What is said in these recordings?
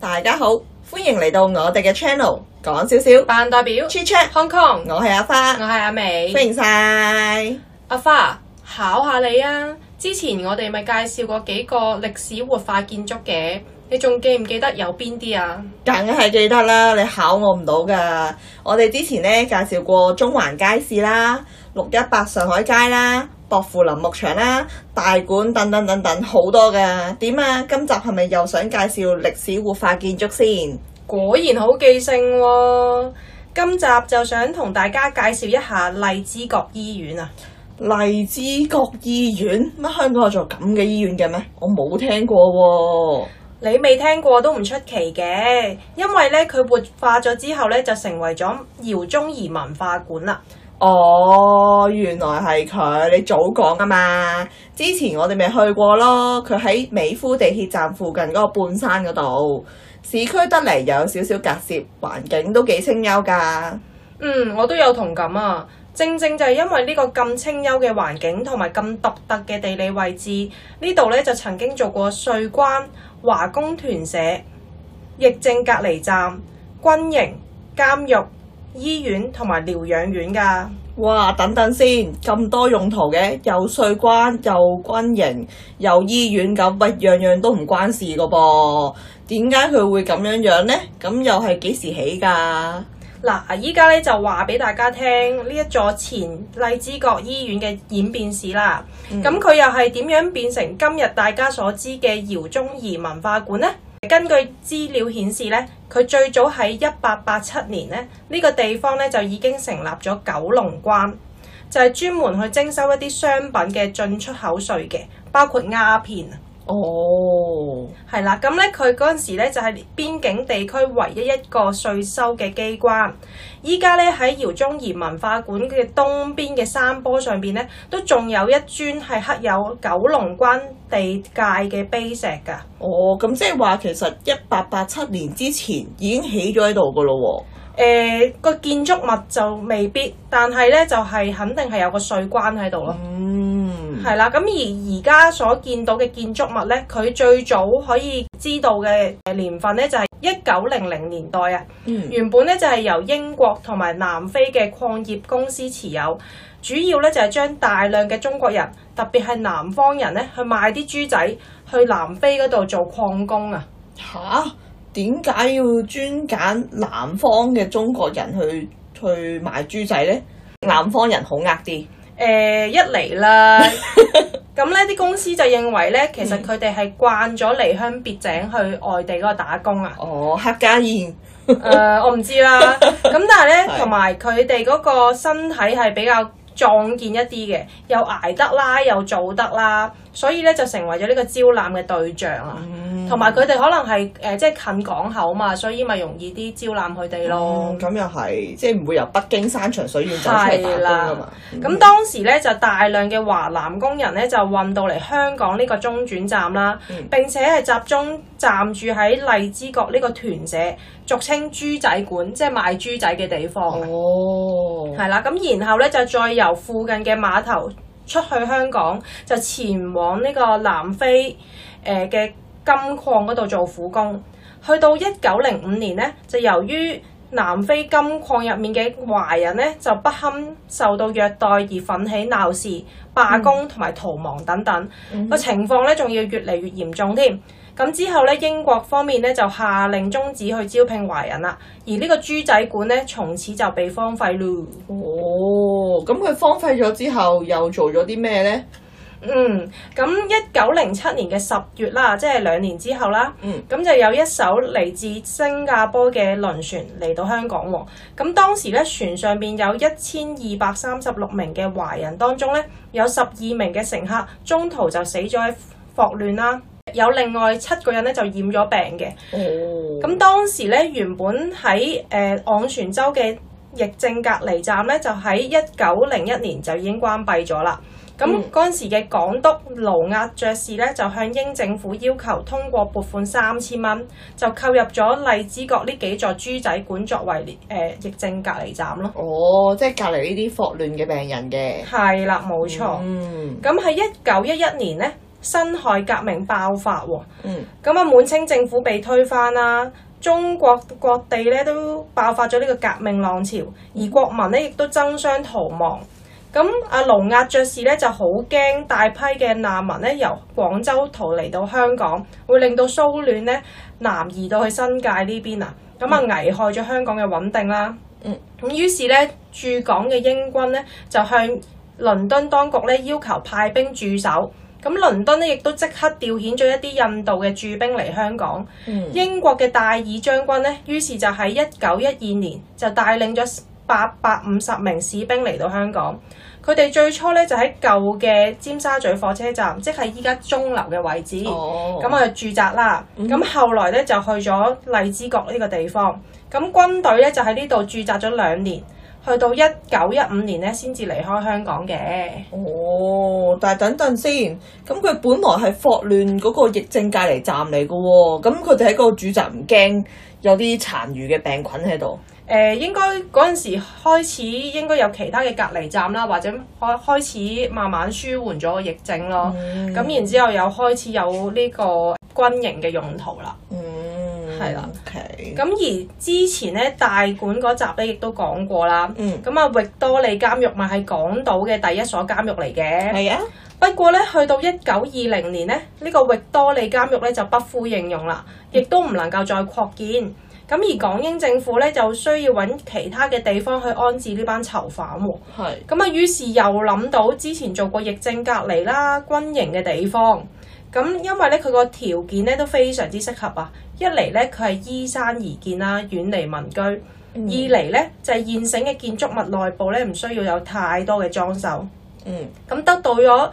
大家好，歡迎嚟到我哋嘅 channel，講少少。扮代表，Chit Chat Hong Kong，我係阿花，我係阿美，歡迎晒。阿花，考下你啊！之前我哋咪介紹過幾個歷史活化建築嘅。你仲記唔記得有邊啲啊？梗係記得啦！你考我唔到噶。我哋之前咧介紹過中環街市啦、六一八上海街啦、薄扶林牧場啦、大館等等等等好多噶。點啊？今集係咪又想介紹歷史活化建築先？果然好記性喎啊。今集就想同大家介紹一下荔枝角醫院啊。荔枝角醫院乜？香港有做咁嘅醫院嘅咩？我冇聽過喎啊。你未聽過都唔出奇嘅，因為咧佢活化咗之後咧就成為咗饒宗頤文化館啦。哦，原來係佢，你早講噶嘛。之前我哋咪去過咯，佢喺美孚地鐵站附近嗰個半山嗰度，市區得嚟又有少少隔涉，環境都幾清幽噶。嗯，我都有同感啊。正正就係因為呢個咁清幽嘅環境同埋咁獨特嘅地理位置，呢度咧就曾經做過稅關。華工屯舍、疫症隔離站、軍營、監獄、醫院同埋療養院噶。哇，等等先，咁多用途嘅，又稅關，又軍營，又醫院，咁咪樣樣都唔關事噶噃？點解佢會咁樣樣呢？咁又係幾時起噶？嗱，依家咧就話俾大家聽呢一座前荔枝角醫院嘅演變史啦。咁佢、嗯、又係點樣變成今日大家所知嘅饒宗頤文化館呢？根據資料顯示呢，佢最早喺一八八七年呢，呢、這個地方咧就已經成立咗九龍關，就係、是、專門去徵收一啲商品嘅進出口稅嘅，包括鴉片。哦，係啦、oh.，咁呢，佢嗰陣時咧就係邊境地區唯一一個稅收嘅機關。依家呢，喺饒宗頤文化館嘅東邊嘅山坡上邊呢，都仲有一尊係刻有九龍關地界嘅碑石噶。哦，咁即係話其實一八八七年之前已經起咗喺度噶咯喎。誒、呃、個建築物就未必，但係咧就係、是、肯定係有個稅關喺度咯。嗯，係啦。咁而而家所見到嘅建築物咧，佢最早可以知道嘅年份咧就係一九零零年代啊。嗯、原本咧就係、是、由英國同埋南非嘅礦業公司持有，主要咧就係、是、將大量嘅中國人，特別係南方人咧去賣啲豬仔去南非嗰度做礦工啊。嚇！點解要專揀南方嘅中國人去去賣豬仔呢？南方人好呃啲。誒一嚟啦，咁 呢啲公司就認為呢，其實佢哋係慣咗離鄉別井去外地嗰度打工啊。哦，黑家冕。誒、 呃，我唔知啦。咁但係呢，同埋佢哋嗰個身體係比較壯健一啲嘅，又捱得啦，又做得啦，所以呢，就成為咗呢個招攬嘅對象啦。 同埋佢哋可能係誒、呃，即係近港口嘛，所以咪容易啲招攬佢哋咯。咁又係，即係唔會由北京山長水遠就嚟打工咁的、嗯、當時咧就大量嘅華南工人咧就運到嚟香港呢個中轉站啦，嗯、並且係集中暫住喺荔枝角呢個屯舍，俗稱豬仔館，即係賣豬仔嘅地方。哦，係啦。咁然後咧就再由附近嘅碼頭出去香港，就前往呢個南非誒嘅。呃金礦嗰度做苦工，去到一九零五年咧，就由於南非金礦入面嘅華人咧就不堪受到虐待而奮起鬧事、罷工同埋逃亡等等個、嗯、哼情況咧，仲要越嚟越嚴重添。咁之後咧，英國方面咧就下令中止去招聘華人啦，而呢個豬仔館咧，從此就被荒廢咯。哦，咁佢荒廢咗之後，又做咗啲咩咧？嗯，咁一九零七年嘅十月啦，即係兩年之後啦，嗯，咁就有一艘嚟自新加坡嘅輪船嚟到香港。咁當時咧，船上邊有一千二百三十六名嘅華人，當中咧有十二名嘅乘客中途就死咗喺霍亂啦，有另外七個人咧就染咗病嘅。哦，咁當時咧原本喺誒昂船洲嘅疫症隔離站咧，就喺一九零一年就已經關閉咗啦。咁嗰陣時嘅港督盧押爵士咧，就向英政府要求通過撥款三千蚊，就購入咗荔枝角呢幾座豬仔館作為誒、呃、疫症隔離站咯。哦，即係隔離呢啲霍亂嘅病人嘅。係啦，冇錯。咁喺一九一一年呢，辛亥革命爆發喎。嗯。咁啊，滿清政府被推翻啦，中國各地咧都爆發咗呢個革命浪潮，而國民咧亦都爭相逃亡。咁阿盧押爵士咧就好驚大批嘅難民咧由廣州逃嚟到香港，會令到騷亂咧南移到去新界呢邊啊！咁啊危害咗香港嘅穩定啦。咁於、嗯、是咧駐港嘅英軍咧就向倫敦當局咧要求派兵駐守。咁倫敦咧亦都即刻調遣咗一啲印度嘅駐兵嚟香港。嗯、英國嘅戴爾將軍咧，於是就喺一九一二年就帶領咗八百五十名士兵嚟到香港，佢哋最初咧就喺舊嘅尖沙咀火車站，即係依家鐘樓嘅位置，咁啊、哦、駐紮啦。咁、嗯、後來咧就去咗荔枝角呢個地方，咁軍隊咧就喺呢度駐紮咗兩年，去到一九一五年咧先至離開香港嘅。哦，但係等陣先，咁佢本來係霍亂嗰個疫症隔離站嚟噶喎，咁佢哋喺嗰度駐紮唔驚有啲殘餘嘅病菌喺度？誒、呃、應該嗰陣時開始應該有其他嘅隔離站啦，或者開開始慢慢舒緩咗個疫症咯。咁、嗯、然之後又開始有呢個軍營嘅用途啦。係、嗯、啦。咁 okay. 而之前咧大館嗰集咧亦都講過啦。咁啊、嗯，域多利監獄咪係港島嘅第一所監獄嚟嘅。係啊。不過咧，去到一九二零年咧，呢、這個域多利監獄咧就不敷應用啦，亦都唔能夠再擴建。咁而港英政府咧就需要揾其他嘅地方去安置呢班囚犯喎。係咁啊，於是，是又諗到之前做過疫症隔離啦，軍營嘅地方。咁因為咧佢個條件咧都非常之適合啊。一嚟咧佢係依山而建啦，遠離民居；嗯、二嚟咧就係、是、現成嘅建築物內部咧唔需要有太多嘅裝修。嗯。咁、嗯、得到咗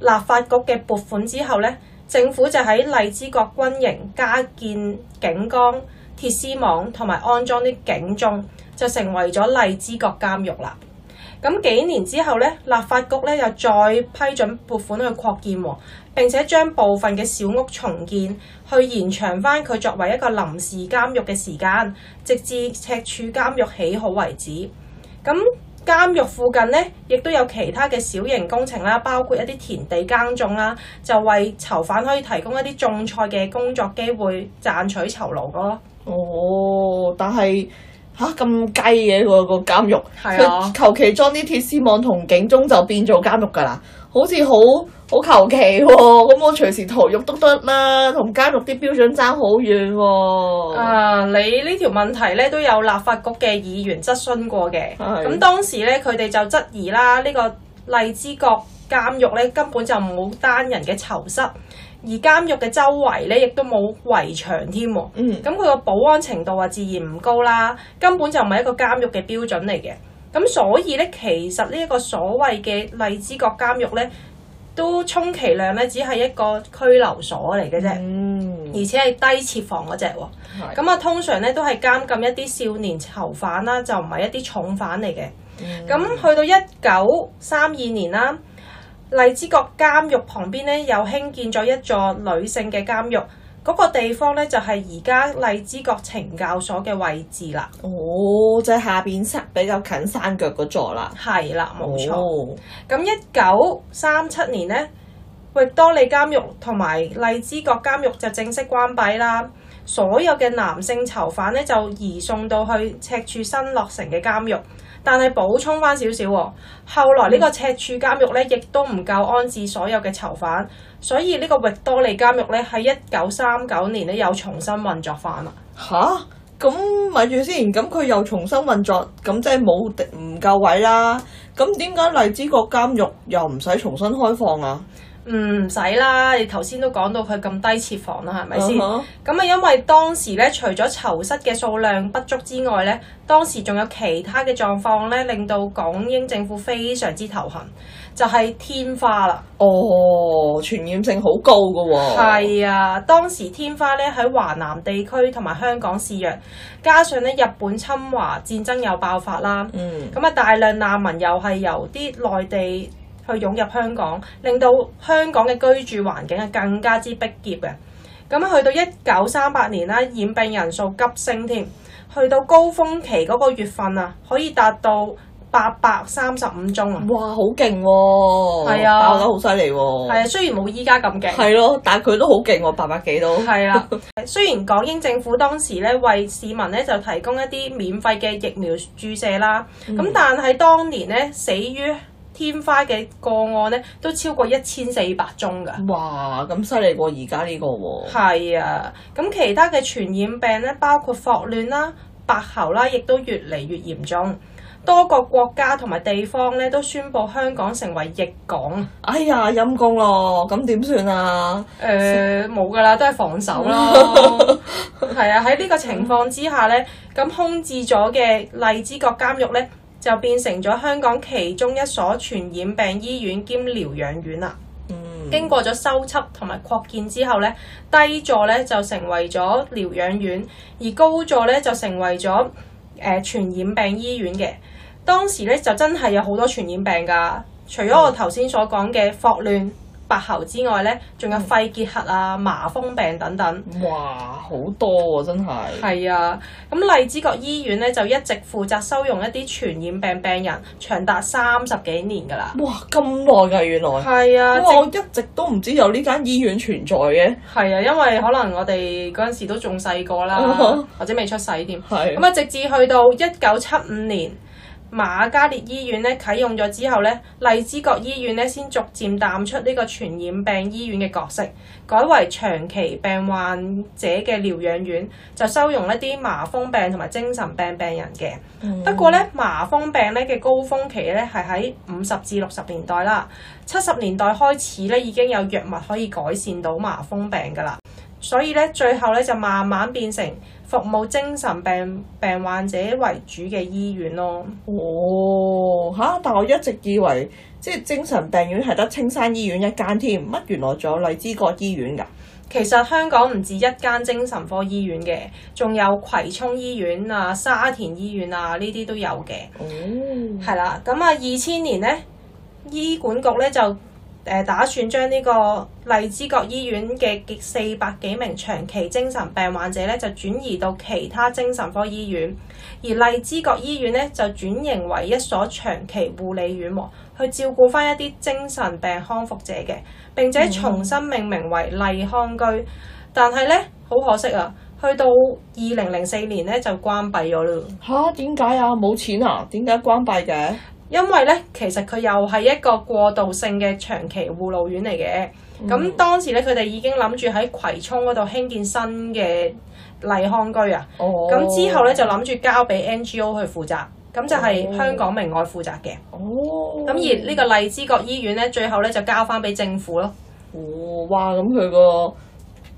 立法局嘅撥款之後咧，政府就喺荔枝角軍營加建警崗。鐵絲網同埋安裝啲警鐘，就成為咗荔枝角監獄啦。咁幾年之後咧，立法局咧又再批准撥款去擴建，並且將部分嘅小屋重建，去延長返佢作為一個臨時監獄嘅時間，直至赤柱監獄起好為止。咁監獄附近咧，亦都有其他嘅小型工程啦，包括一啲田地耕種啦，就為囚犯可以提供一啲種菜嘅工作機會，賺取酬勞咯。哦，但係吓，咁雞嘅個個監獄，佢求其裝啲鐵絲網同警鐘就變做監獄㗎啦，好似好好求其喎。咁、哦嗯、 我隨時逃獄都得啦，同監獄啲標準爭好遠喎、哦。啊，你呢條問題咧都有立法局嘅議員質詢過嘅，咁是當時咧佢哋就質疑啦，呢、呢個荔枝角監獄咧根本就冇單人嘅囚室。而監獄嘅周圍咧，亦都冇圍牆添。嗯，咁佢個保安程度啊，自然唔高啦，根本就唔係一個監獄嘅標準嚟嘅。咁所以咧，其實呢一個所謂嘅荔枝角監獄咧，都充其量咧，只係一個拘留所嚟嘅啫。嗯，而且係低設防嗰隻喎。係是。咁啊、嗯，通常咧都係監禁一啲少年囚犯啦，就唔係一啲重犯嚟嘅。嗯。咁、嗯、去到一九三二年啦。荔枝角監獄旁邊咧，又興建咗一座女性嘅監獄，嗰、那個地方咧就係而家荔枝角懲教所嘅位置啦。哦，即、就、係、是、下邊山比較近山腳嗰座啦。係啦，冇錯。咁一九三七年咧，域多利監獄同埋荔枝角監獄就正式關閉啦，所有嘅男性囚犯咧就移送到去赤柱新落成嘅監獄。但係補充翻少少喎，後來呢個赤柱監獄呢，亦都唔夠安置所有嘅囚犯，所以呢個域多利監獄呢，喺一九三九年呢又重新運作翻啦。吓？咁咪住先，咁佢又重新運作，咁即係冇唔夠位啦。咁點解荔枝角監獄又唔使重新開放啊？唔使啦，你頭先都講到佢咁低設防啦，係咪先？咁啊、uh，huh. 因為當時咧，除咗囚室嘅數量不足之外咧，當時仲有其他嘅狀況咧，令到港英政府非常之頭痕，就係、是、天花啦。Oh, 傳哦，傳染性好高㗎喎。係啊，當時天花咧喺華南地區同埋香港肆虐，加上咧日本侵華戰爭又爆發啦。嗯。咁啊，大量難民又係由啲內地，去湧入香港，令到香港嘅居住環境係更加之逼狹嘅。咁去到一九三八年啦，染病人數急升添，去到高峰期嗰個月份啊，可以達到八百三十五宗啊！哇，好勁喎！係啊，爆得好犀利喎！係啊，雖然冇依家咁勁。係咯、啊，但係佢都好勁喎，八百幾都。係 啊，雖然港英政府當時咧為市民咧就提供一啲免費嘅疫苗注射啦，咁、嗯、但係當年咧死於天花嘅個案咧都超過一千四百宗噶，哇！咁犀利過而家呢個喎、哦。係啊，咁其他嘅傳染病咧，包括霍亂啦、白喉啦，亦都越嚟越嚴重。多個國家同埋地方咧都宣佈香港成為疫港。哎呀，陰功、啊、呃、咯，咁點算啊？誒，冇噶啦，都係防守啦。係啊，喺呢個情況之下咧，咁空置咗嘅荔枝角監獄咧。就變成咗香港其中一所傳染病醫院兼療養院啦。嗯、經過咗修葺同埋擴建之後咧，低座咧就成為咗療養院，而高座咧就成為咗誒、呃、傳染病醫院嘅。當時咧就真係有好多傳染病㗎，除咗我頭先所講嘅霍亂，嗯白喉之外咧，仲有肺結核啊、麻風病等等。哇，好多喎、啊，真係。係啊，咁荔枝角醫院咧就一直負責收容一啲傳染病病人，長達三十幾年噶啦。哇，咁耐噶原來。係啊。我一直都唔知有呢間醫院存在嘅。係啊，因為可能我哋嗰陣時都仲細個啦，哦、哈或者未出世添。係。咁啊，啊直至去到一九七五年。瑪嘉烈醫院咧啟用咗之後咧，荔枝角醫院咧先逐漸淡出呢個傳染病醫院嘅角色，改為長期病患者嘅療養院，就收容一啲麻風病同埋精神病病人嘅。嗯、不過咧，麻風病咧嘅高峰期咧係喺五十至六十年代啦，七十年代開始咧已經有藥物可以改善到麻風病㗎啦，所以咧最後咧就慢慢變成服務精神病病患者為主嘅醫院咯。哦，嚇！但我一直以為即係精神病院係得青山醫院一間添。乜原來仲有荔枝角醫院㗎。其實香港唔止一間精神科醫院嘅，仲有葵涌醫院啊、沙田醫院啊呢啲都有嘅。哦，係啦，咁啊，二千年呢醫管局呢就。誒打算將呢個荔枝角醫院嘅四百幾名長期精神病患者咧，就轉移到其他精神科醫院，而荔枝角醫院咧就轉型為一所長期護理院喎，去照顧翻一啲精神病康復者嘅，並且重新命名為麗康居。但係咧，好可惜啊，去到二零零四年咧就關閉咗咯。嚇？點解啊？冇錢啊？點解關閉嘅？因為咧，其實佢又係一個過渡性嘅長期護老院嚟嘅。咁、嗯、當時咧，佢哋已經諗住喺葵涌嗰度興建新嘅麗康居啊。咁、哦、之後咧，就諗住交俾 NGO 去負責。咁、哦、就係香港明愛負責嘅。哦。咁而呢個荔枝角醫院咧，最後咧就交翻俾政府咯。哦，哇！咁佢個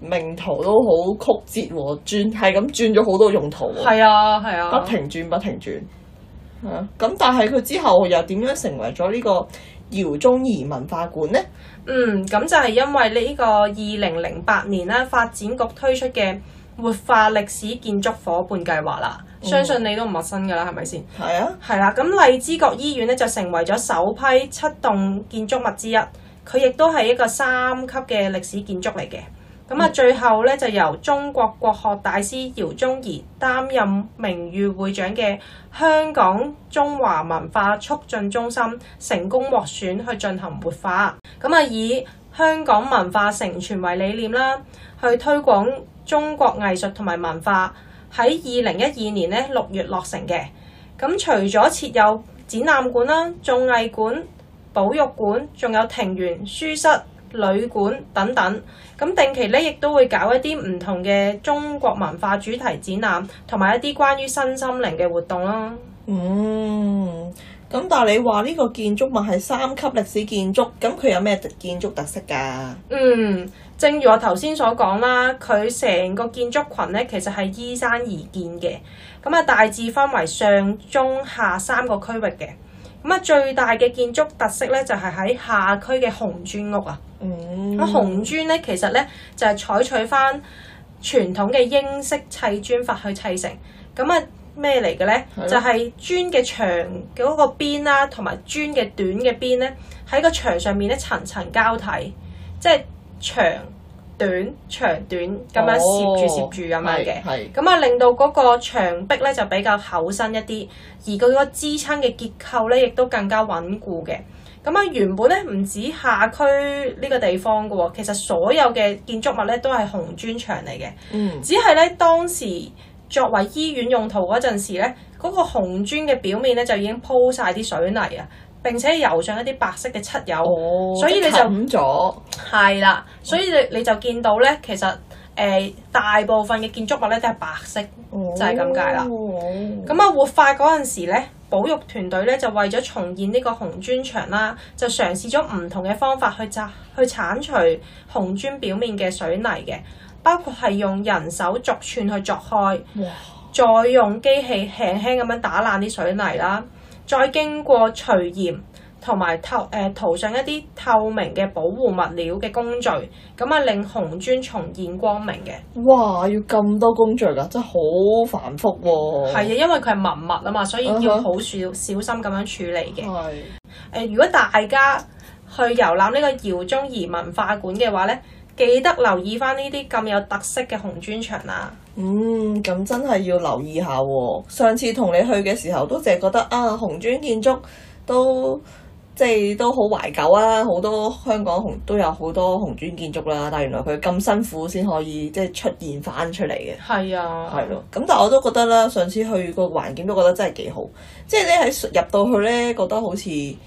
命途都好曲折喎，轉係咁轉咗好多用途。係啊，係啊，啊，啊，啊不停轉，不停轉，不停轉。係啊，咁但係佢之後又點樣成為咗呢個饒宗頤文化館呢？嗯，咁就係因為呢個二零零八年咧，發展局推出嘅活化歷史建築夥伴計劃啦，相信你都唔陌生㗎啦，係咪先？係啊。係啦、啊，咁荔枝角醫院咧就成為咗首批七棟建築物之一，佢亦都係一個三級嘅歷史建築嚟嘅。咁啊，最後咧就由中國國學大師饒宗頤擔任名譽會長嘅香港中華文化促進中心成功獲選去進行活化。咁啊，以香港文化承傳為理念啦，去推廣中國藝術同埋文化。喺二零一二年咧六月落成嘅。咁除咗設有展覽館啦、綜藝館、保育館，仲有庭園書室。旅館等等，咁定期咧亦都會搞一啲唔同嘅中國文化主題展覽，同埋一啲關於新心靈嘅活動啦。嗯，咁但係你話呢個建築物係三級歷史建築，咁佢有咩建築特色㗎？嗯，正如我頭先所講啦，佢成個建築群咧其實係依山而建嘅，咁啊大致分為上、中、下三個區域嘅。咁啊，最大嘅建築特色咧，就係喺下區嘅紅磚屋啊！咁紅磚咧，其實咧就係採取翻傳統嘅英式砌磚法去砌成。咁啊，咩嚟嘅咧？就係磚嘅長嗰個邊啦，同埋磚嘅短嘅邊咧，喺個牆上面咧層層交替，即係長短長短咁樣攝住攝住咁樣嘅，咁啊令到嗰個牆壁咧就比較厚身一啲，而佢個支撐嘅結構咧亦都更加穩固嘅。咁啊原本咧唔止下區呢個地方嘅喎，其實所有嘅建築物咧都係紅磚牆嚟嘅，嗯、只係咧當時作為醫院用途嗰陣時咧，嗰、嗰個紅磚嘅表面咧就已經鋪晒啲水泥啊。並且油上一啲白色嘅漆油，所以你就咗，係啦，所以你你就見到咧，其實誒、呃、大部分嘅建築物咧都係白色，哦、就係咁解啦。咁啊、哦、活化嗰陣時咧，保育團隊咧就為咗重現呢個紅磚牆啦，就嘗試咗唔同嘅方法去剷去剷除紅磚表面嘅水泥嘅，包括係用人手逐寸去剝開，哇再用機器輕輕咁樣打爛啲水泥啦。再經過除鹽同埋塗誒塗上一啲透明嘅保護物料嘅工序，咁啊令紅磚重現光明嘅。哇！要咁多工序㗎，真係好繁複喎、啊。係啊，因為佢係文物啊嘛，所以要好小、啊、小心咁樣處理嘅。係的、呃。如果大家去遊覽呢個饒宗頤文化館嘅話咧，記得留意返呢啲咁有特色嘅紅磚牆啦。嗯，咁真係要留意下喎、啊。上次同你去嘅時候，都淨係覺得啊，紅磚建築都即係都好懷舊啊！好多香港紅都有好多紅磚建築啦，但原來佢咁辛苦先可以即係出現翻出嚟嘅。係啊，係咯。咁但係我都覺得啦，上次去個環境都覺得真係幾好，即係你喺入到去咧，覺得好似～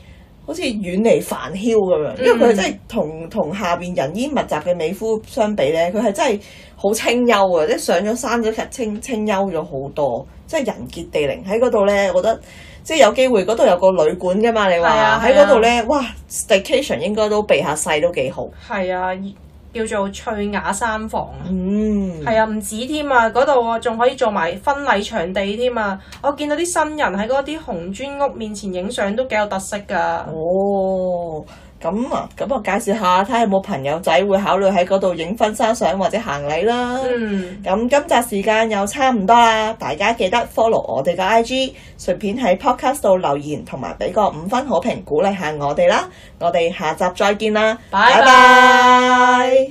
好似遠離煩囂咁樣，因為佢真係同同下邊人煙密集嘅美孚相比咧，佢係真係好清幽啊！即係上咗山嗰刻清清幽咗好多，即係人傑地靈喺嗰度咧，我覺得即係有機會嗰度有個旅館噶嘛，你話喺嗰度咧，哇，staycation 應該都避下勢都幾好。係啊。叫做翠雅山房、嗯、啊，係啊，唔止添啊，嗰度仲可以做埋婚禮場地添啊，我見到啲新人喺嗰啲紅磚屋面前影相都幾有特色㗎。哦。咁啊，咁我介紹下睇下有冇朋友仔會考慮喺嗰度影婚紗相或者行禮啦。咁、嗯、今集時間又差唔多啦，大家記得 follow 我哋嘅 IG，順便喺 podcast 度留言同埋俾個五分好評，鼓勵下我哋啦。我哋下集再見啦，拜拜。